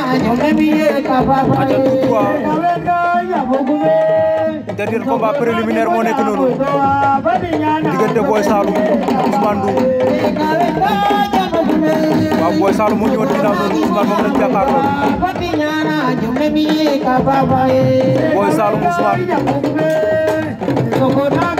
Aja Tutua dernier combat préliminaire moo nekk noonu diggante Boy Saloum Ousmane Ndour waaw Boy Saloum moo ñëwoon ginnaaw noonu Ousmane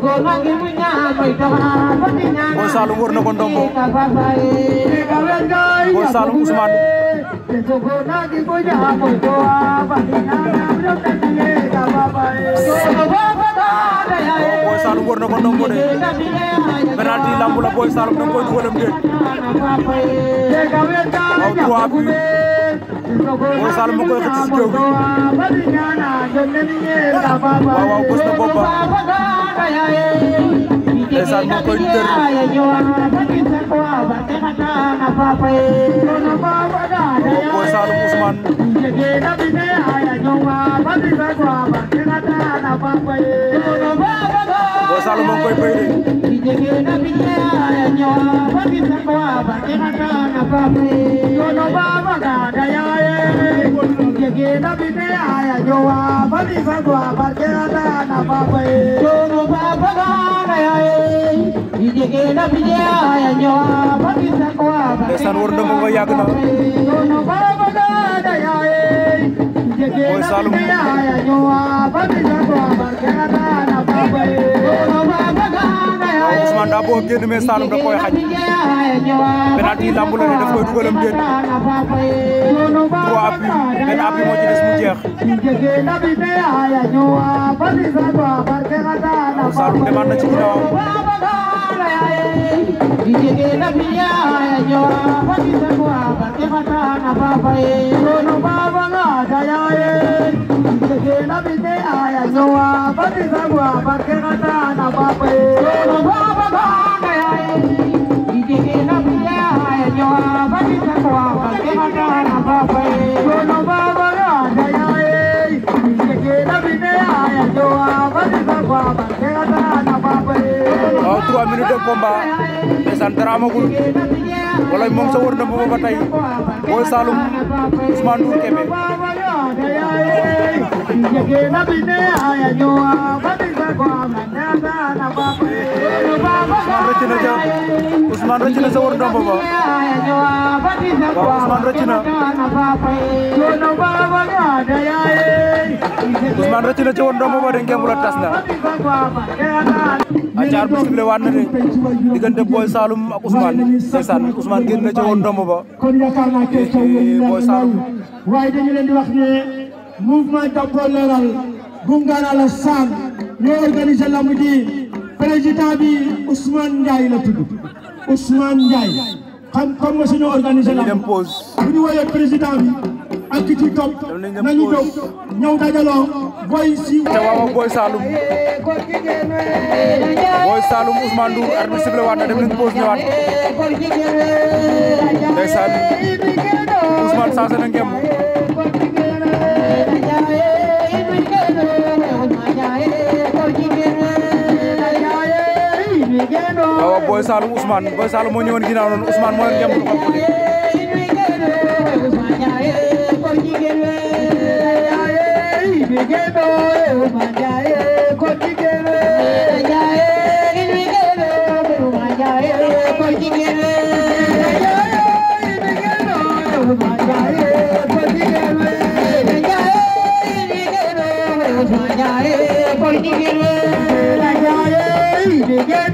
Boy Saloum wër na ko ndombo Boy Saloum Ousmane Boy Saloum wër na ko ndombo de penalty lamb la Boy Saloum da koy dugalam déet waaw trois buts Mor Sall mu koy xëcc si géew bi waaw waaw bës na boppam ndeysaan mu koy tër Mor Sall Ousmane Mor Sall mu koy béy de Kenya Pakistan baba Iraka na papi Yono baba gada yaye Yege na bite aya jowa Pakistan baba Iraka na papi Yono baba gada yaye Yege na bite aya jowa Pakistan baba Besan wurdo mo ko yagna Yono baba gada yaye Yege na bite aya jowa Pakistan Ousmane daa bëgg a génn a Saloum da koy xañ penalty lamb la ne daf koy dugalam déet trois appui benn appui moo ci des mu a Saloum demaat na ci ginnaawam Thank you. waaw 3 minutes de combat ndeysaan dara amagul wala moom sa wër na booba ba tey Boy Saloum Ousmane Ndour Kébé jege na bi ne aya ñoo ba di sa ko rëcc na ca Ousmane sa wër ba waaw Ousmane na acaar bu sible waat diggante Boy Saloum ak Ousmane ndeysaan Ousmane génn ca wër ba Boy Saloum waaye dañu leen di wax ne mouvement Jàppoo Leeral gungaana la moo organisé lamb ji président bi Ousmane Ndiaye la tudd Ousmane Ndiaye xam xam nga suñu organisé lamb bu ñu woowee président bi ak ki ci topp nañu jóg ñëw dajaloo boy si te waaw boy Saloum boy Saloum Ousmane Ndour arbitre sifflé waat na dem nañ pause ñëwaat ndeysaan Ousmane Sassé na ngem Boy Saloum Ousmane Boy Saloum moo ñëwoon ginnaaw noonu Ousmane moo leen gëm bu xonq li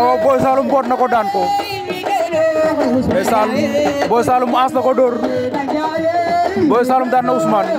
waaw Boy Saloum boot na ko daan ko ndeysaan Boy Saloum aas na ko dóor Boy daan na Ousmane